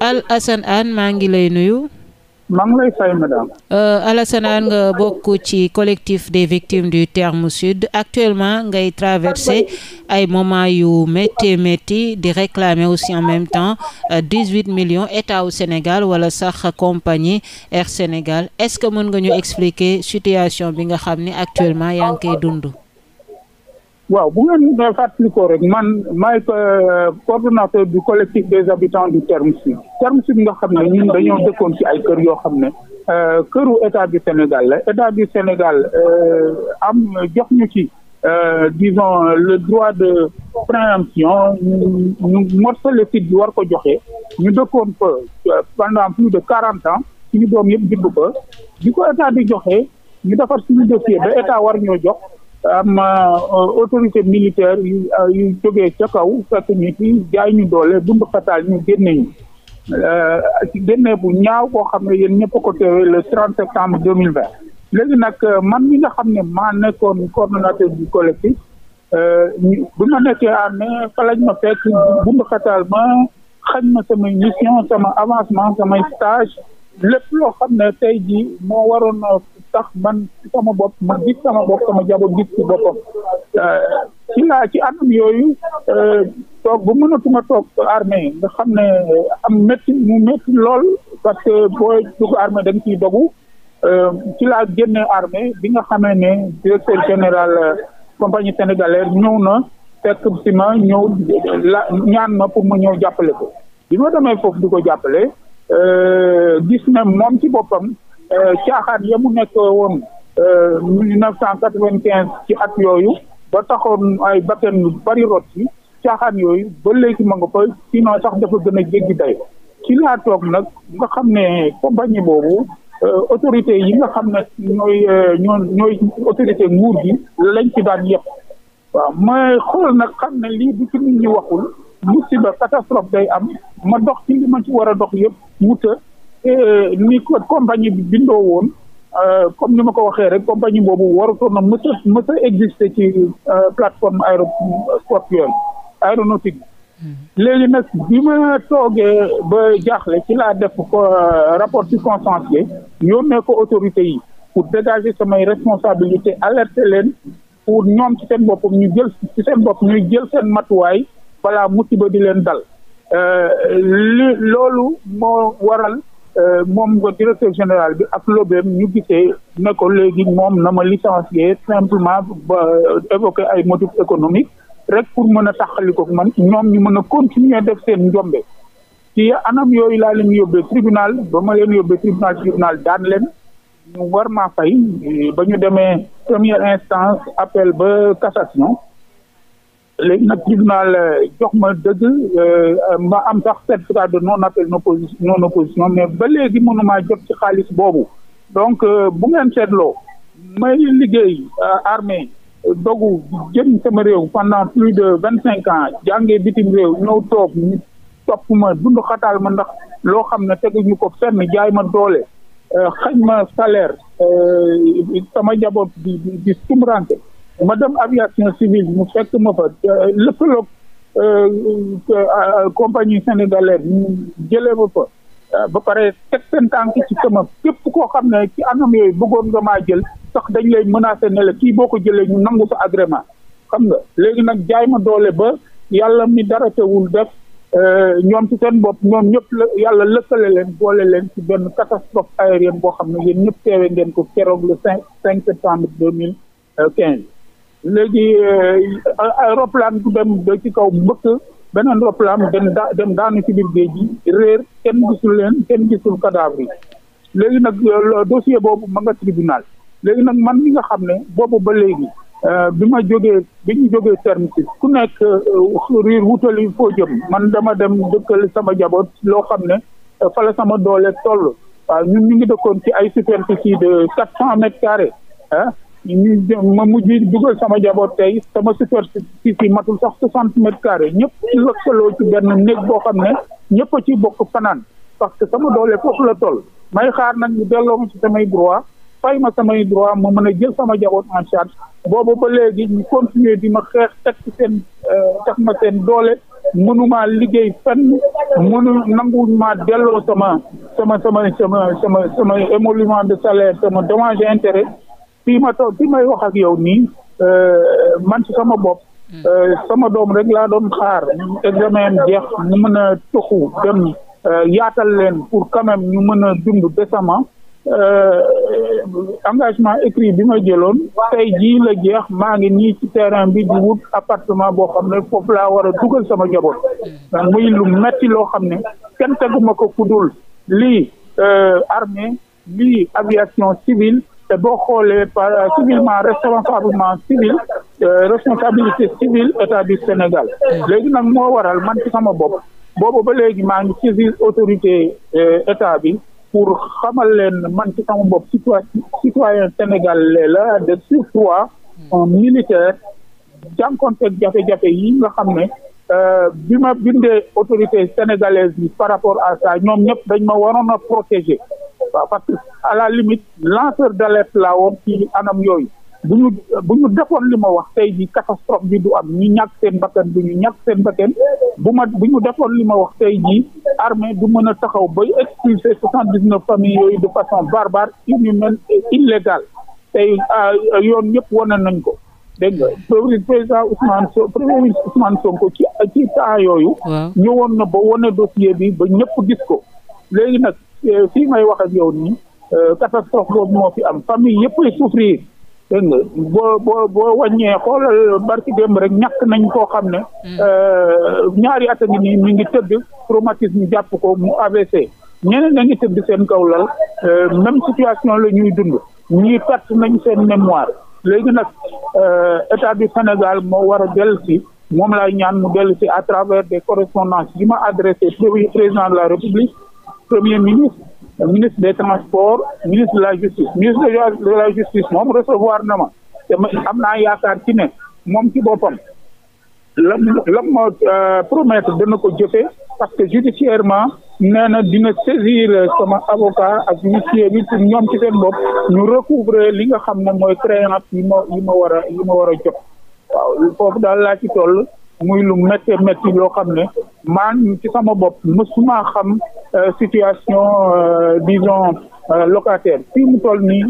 Alassane Hann maa ngi lay nuyu. maa euh, nga bokk ci collectif des victimes du terme sud actuellement ngay traversé ay moment yu métti di réclamer aussi en même temps euh, dix-huit millions état Sénégal wala sax compagnie Air Sénégal est-ce que mën nga ñu expliquer situation bi nga xam ni actuellement yaa ngi koy dund. waaw bu ngeen fàttalikoo rek man maay euh, coordonnateur du collectif des habitants du Terme Sud Terme Sud nga xam ne ñun dañoo dëkkoon ci ay kër yoo xam ne euh, këru état du Sénégal la état du Sénégal euh, am jox ñu ci dison le droit de préemption ñu morcelé site bi war ko joxe ñu dëkkoon fa pendant plus de quarante ans suñu doom yëpp judd ko di ko état di joxe ñu defar suñu dossier ba état war ñoo jox am euh, autorité militaire yu euh, joge ca kaw fekk ñu ci jaay ñu doole dund xataal ñu génne ñu euh, ci bu ñaaw koo xam ne yéen ñëpp ko teewee le 30 septembre 2020 léegi nag man mi nga xam ne maa nekkoon coordonnateur du collectif bu ma nekkee amee fa lañ ma fekk dund ma xañ ma samay mission sama avancement samay stage lépp loo xam ne tey ji moo waroon tax man sama bopp ma gis sama bopp sama jaboot gis ci boppam euh, ci ci anam yooyu euh, toog bu mënatuma toog armée nga xam ne am métti mu métti lool parce que boo dugg armée da nga ciy dogu euh, ci laa génne armée bi nga xamee ne directeur général compagnie sénégalaise ñëw na fekk si ma ñëw ñaan ma pour ma ñëw jàppale ko bi ma demee foofu di ko jàppale gis na moom ci boppam Euh, caaxaan ya mu nekk woon euh, mille neuf cent quatre vingt quinze ci at yooyu ba taxoon ay bakkan yu bari rot yi caaxaan yooyu ba léegi ma nga fa sinon sax dafa gën a jéggi day ci laa toog nag nga xam ne compagnie boobu euh, autorité yi nga xam ne ñooy ñoo ñooy autorité nguur gi lañ ci daan yëpp waaw ma xool nag xam ne lii bu ci nit ñi waxul musiba catastrophe day am ma dox ci li ci war a dox yëpp wuta Euh, ni ko compagnie bi bindoo woon euh, comme ni ma ko waxee rek compagnie boobu warutoon na mës a mës a exister ci euh, plateforme aéroport yooyu aéronautique mm-hmm. léegi nag bi ma toogee ba jaaxle ci laa def ko rapport circonstancié yónnee ko autorité yi pour dégager samay responsabilité alerter leen pour ñoom ci seen boppam ñu jël ci seen bopp ñuy jël seen matuwaay balaa musiba di leen dal li loolu moo waral Euh, moom nga directeur général bi ak lobeem ñu gise ne ko léegi moom na ma licencier simplement ba évoquer ay motifs économiques rek pour mën a taxali ko man ñoom ñu mën a continuer def seen njombe ci anam yooyu laa leen yóbbee tribunal ba ma leen yóbbee tribunal tribunal daan leen ñu war maa fay ba ñu demee première instance appel ba cassation léegi nag tribunal euh, jox ma dëgg euh, ma am sax certificat de non appel non opposition non opposition mais ba léegi mënumaa jot ci xaalis boobu donc euh, bu ngeen seetloo may liggéey armée dogu jëm sama réew pendant plus de vingt cinq ans jàngee bitim réew ñëw toog ñu topp ma dund xataal ma ndax loo xam ne teguñu ko fenn jaay ma doole xañ ma salaire sama njaboot di di sumranke ma dem aviation civile mu fekk ma fa euh, lëkkaloog euh, compagnie sénégalaise mu jëlee ma fa euh, ba pare teg seen tànk ci sama képp koo xam ne ci anam yooyu bëggoon nga maa jël sax dañ lay menacé ne la kii boo ko jëlee ñu nangu sa agrément xam nga léegi nag jaay ma doole ba yàlla mi dara teewul def ñoom ci seen bopp ñoom ñëpp la yàlla lëkkale leen boole leen ci benn catastrophe aérienne boo xam ne yéen ñëpp teewe ngeen ko keroog le cinq cinq septembre deux mille quinze léegi euh, roplaan bu dem ba ci kaw mbëkk beneen roplaan dem da dem daanu ci biir géej gi réer kenn gisul leen kenn gisul cadavre yi léegi nag euh, dossier boobu ma nga tribunal léegi nag man mi nga xam ne boobu ba léegi euh, bi ma jógee bi ñu jógee terme ci ku nekk riir wutali foo jëm man dama dem dëkkal sama jaboot loo xam ne fala sama doole toll waaw ñun ñu ngi dëkkoon ci ay superficie de quatre cent mètres carrés ah ñu ma mujj dugal sama jaboot tey sama superficie si matul sax soixante carré carrés ñëpp lëkkaloo ci benn néeg boo xam ne ñëpp a ci bokk fanaan parce que sama doole foofu la toll may xaar nag ñu delloo ma ci samay droit fay ma samay droit ma mën a jël sama jaboot en charge boobu ba léegi ñu continuer di ma xeex teg ci seen euh, teg ma seen doole mënumaa liggéey fenn mënu nanguwuñ ma delloo sama sama sama sama sama sama émolument de salaire sama dommage intérêt fii ma toog fii may wax ak yow nii euh, man ci sama bopp. Hmm. Euh, sama doom rek laa doon xaar examen jeex mu mën a toxu dem euh, yaatal leen pour quand ñu mën a dund décemment engagement écrit bi ma jëloon tey jii la jeex maa ngi nii ci terrain bi di wut appartement boo xam ne foofu laa war a dugal sama njaboot hmm. muy lu metti loo xam ne kenn teguma ko kudul lii armée lii aviation civile te boo xoolee par civilement responsablement civil euh, responsabilité civile état du Sénégal mm. léegi nag moo waral man ci sama bopp boobu ba léegi maa ngi saisir autorité euh, état bi pour xamal leen man ci sama bopp citoyen sénégalais la de surcroît mm. un militaire jànkoonteeg jafe-jafe yi nga xam ne euh, bi ma bindee autorité sénégalaise bi par rapport à sa ñoom ñëpp dañ ma waroon a protéger waa parce que à la limite lanceur d'alerte laa woon ci anam yooyu bu ñu bu ñu defoon li ma wax tey ji catastrophe bi du am ñu ñàkk seen bakkan bu ñu ñàkk seen bakkan bu ma bu ñu defoon li ma wax tey ji armée du mën a taxaw bay expulser soixante dix neuf familles yooyu de façon barbare inhumaine et illégale tey ah, yoon yëpp wane nañ ko dégg nga président Ousmane So premier ci ci temps yooyu. ñëwoon na ba wane dossier bi ba ñëpp gis ko léegi nag. Euh, fii may wax ak yow nii euh, catastrophe boobu moo fi am famille yëpp ay souffrir dégg nga boo boo boo wàññee xoolal barki démb rek ñàkk nañ koo xam ne. Mm. Euh, ñaari at a ngi nii mi ngi tëdd traumatisme jàpp ko mu AVC. ñeneen na ngi tëdd seen kaw lal même situation la ñuy dund ñii perte nañ seen mémoire léegi nag état du Sénégal moo war a dellu si moom laay ñaan mu dell si à travers de correspondances yi ma adressé président de la République. premier ministre ministre des transports ministre de la justice ministre de la justice moom recevoir na ma te am naa yaakaar ci ne moom ci boppam lam lam ma euh, promettre dana ko jëfee parce que judiciairement nee na dina saisir sama avocat ak huissier bi pour ñoom ci seen bopp ñu recouvrer li nga xam ne mooy créance yi ma yi ma war a yi ma war a waaw foofu daal laa ci toll muy lu métti métti yoo xam ne man ci sama bopp mësuma xam euh, situation euh, disons euh, locataire fii mu toll nii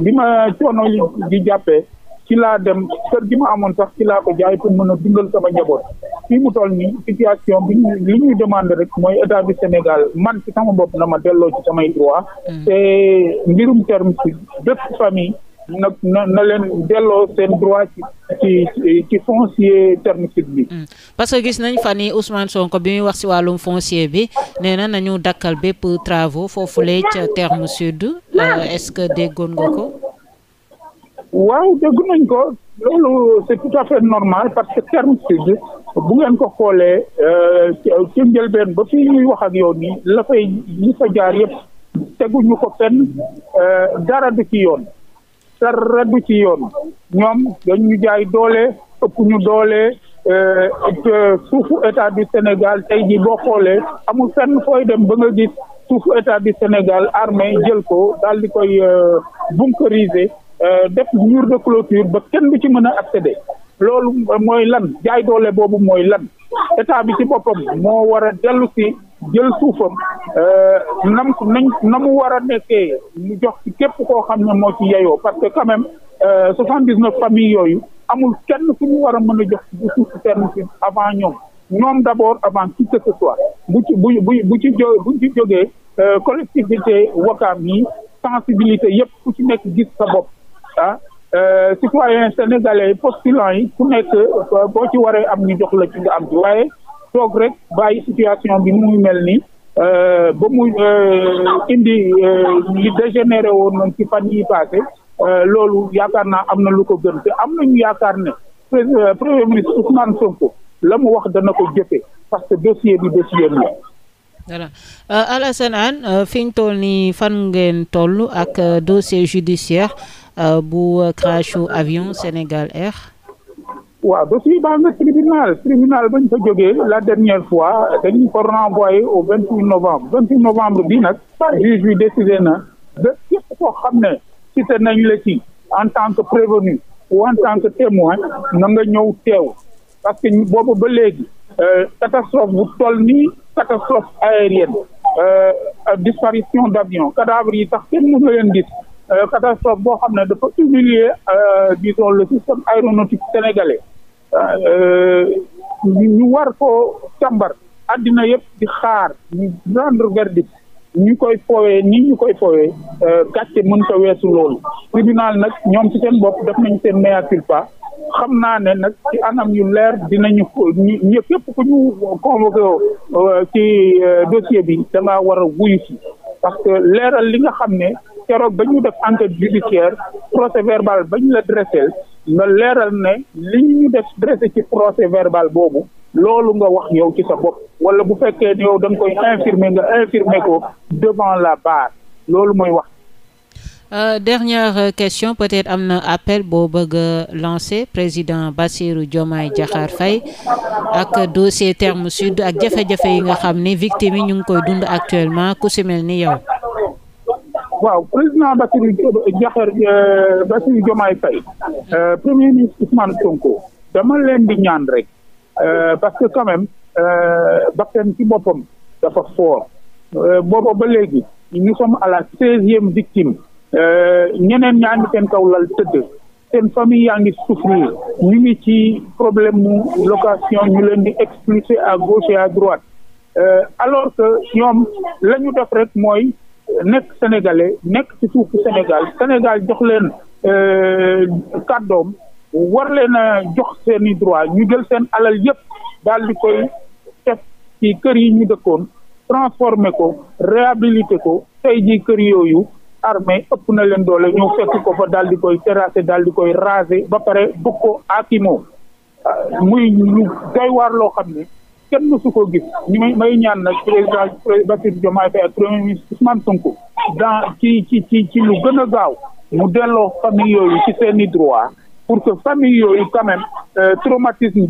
bi ma coono di jàppee ci laa dem kër gi ma amoon sax ci laa ko jaay pour mën a dundal sama njaboot fii mu toll nii situation bi li ñuy demande rek mooy état bi Sénégal man ci sama bopp na ma delloo ci samay droit mm. te mbirum terme ci bépp na na na leen delloo seen droit ci ci ci foncier termitique bi. Mm. parce que gis nañ fan yi Ousmane Sonko bi muy wax si wàllum foncier bi nee na nañu dakkal bépp travaux foofulee ca terme sud euh, est-ce que déggoon nga ko. waaw dégg nañ ko loolu c'est tout à fait normal parce que terme sud bu ngeen ko xoolee euh, ci njëlbeen ba fii ñuy wax ak yow yi la fay ñi fa jaar yëpp teguñu ko fenn euh, dara du ci yoon. dara du ci yoon ñoom dañu ñu jaay doole ëpp ñu doole euh, suufu état du Sénégal tey ji boo xoolee amul fenn fooy dem ba nga gis suufu état du Sénégal armée jël ko daal di koy euh, bunkériser euh, def mur de clôture ba kenn du ci mën a accéder loolu mooy lan jaay doole boobu mooy lan état bi ci boppam moo war dellu si jël suufam euh, nam nañ na mu war a nekkee mu jox ci képp koo xam ne moo ci yeyoo parce que quand même euh, soixante dix neuf familles yooyu amul kenn ku mu war a mën a jox bu suuf terme si avant ñoom ñoom d' abord avant qui que ce soit bu ci bu bu bu ci jo bu ci jógee euh, collectivité wakaam yi sensibilité yëpp ku ci nekk gis sa bopp ah citoyen sénégalais postulant yi ku nekk boo ci waree am ñu jox la ci nga am waaye toog rek bàyyi situation bi muy mel nii euh, ba mu euh, indi euh, li dégénéré woon noonu ci fan yi passé loolu yaakaar naa am na lu ko gën te am nañu yaakaar ne premier ministre Ousmane Sonko la mu wax dana ko jëfee parce que dossier bi dossier bi la. voilà Alassane Hann fi ñu toll nii fan ngeen toll ak dossier judiciaire bu crash avion Sénégal Air. waaw dossier baa nga tribunal ba bañ fa jógee la dernière fois dañu ko renvoyé au vingt huit novembre vingt huit novembre bi nag juge bi décidé na de képp koo xam ne site nañ la en tant que prévenu ou en tant que témoin na nga ñëw teew parce que boobu ba léegi euh, catastrophe bu toll nii catastrophe aérienne euh, disparition d'avion cadavre yi tax kenn mënu leen gis euh, catastrophe boo xam ne dafa humilier disons le système aéronautique sénégalais Euh, euh, ñu war koo càmbar àddina yëpp di xaar ñu rendre verdict ñu koy foowee ni ñu koy foowee euh, gàcce mën ko weesu loolu tribunal nag ñoom ci seen bopp def nañu seen mea culpa xam naa ne nag ci anam yu leer dinañu ñu képp ku ñu convoqué ci dossier bi da war a wuyu ci parce que leeral li nga xam ne keroog ba ñu def enquête judiciaire procès verbal ba ñu la dressel nga leeral ne li ñu def dressé ci procès verbal boobu loolu nga wax yow ci sa bopp wala bu fekkee yow da nga koy infirmer nga infirmer ko devant la barre loolu mooy wax. Euh, dernière question peut-être am na appel boo bëgg a lancer président Bassirou Diomaye Diakhar Faye ak dossier Terme Sud ak jafe-jafe yi nga xam ni victime yi ñu ngi koy dund actuellement ku si ni yow. waaw président Bassirou Diakhar euh, Bassirou Diomaye Faye euh, premier ministre Ousmane Sonko dama leen di ñaan rek euh, parce que quand même bakkan ci boppam dafa fort booba ba léegi nous sommes à la seizième victime ñeneen ñaa ngi seen kaw lal tëdd seen famille yaa ngi souffrir ñu ngi ci problème mu location ñu leen di expulser à gauche et à droite alors que ñoom la ñu def rek mooy nekk sénégalais nekk ci suufu Sénégal Sénégal jox leen euh, kàddoom war leen a jox seen i droit ñu jël seen alal yëpp daal di koy teg ci kër yi ñu dëkkoon transformé ko réhabilité ko tey jii kër yooyu armée ëpp na leen doole ñëw fekk ko fa daal di koy terrassé daal di koy rasé ba pare bëgg ko akimoo ah, muy lu doy waar loo xam ni kenn mësu koo gis ñu may ñaan nag président Bassirou Diomaye Faye ak premier ministre Ousmane Sonko dans ci ci ci lu gën a gaaw mu delloo famille yooyu ci seen i droit pour que famille yooyu quand même euh,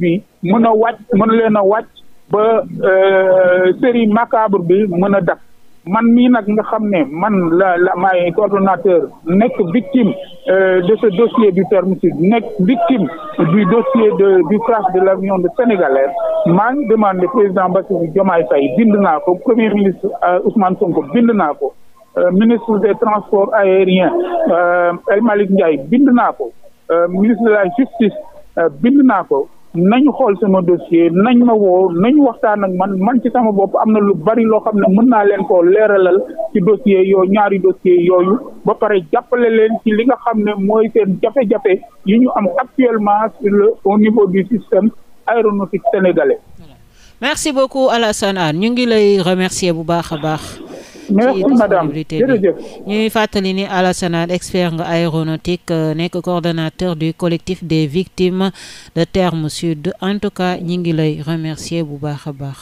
bi mën a wàcc mën leen a wàcc ba euh, série macabre bi mën a dakk man mii nag nga xam ne man la la maay coordonnateur nekk victime euh, de ce dossier du Terme Sud nekk victime du dossier de du crash de l'avion de sénégalaise maa ngi demandé président Bassirou Diomaye Faye bind naa ko premier ministre euh, Ousmane Sonko bind naa ko euh, ministre des transports aériens El Malick Ndiaye bind naa ko ministre de la justice bind naa ko nañu xool sama dossier nañ ma woo nañu waxtaan ak man man ci sama bopp am na lu bari loo xam ne mën naa leen koo leeralal ci dossier yooyu ñaari dossier yooyu ba pare jàppale leen ci li nga xam ne mooy seen jafe-jafe yi ñu am actuellement le au niveau du système aéronautique sénégalais. merci beaucoup Alassane Hann ñu ngi lay remercier bu baax a baax. merci madame ñuy fàttali ni Alassane expert nga aéronautique euh, nekk coordonnateur du collectif des victimes de terme sud en tout cas ñu ngi lay remercier bu baax a baax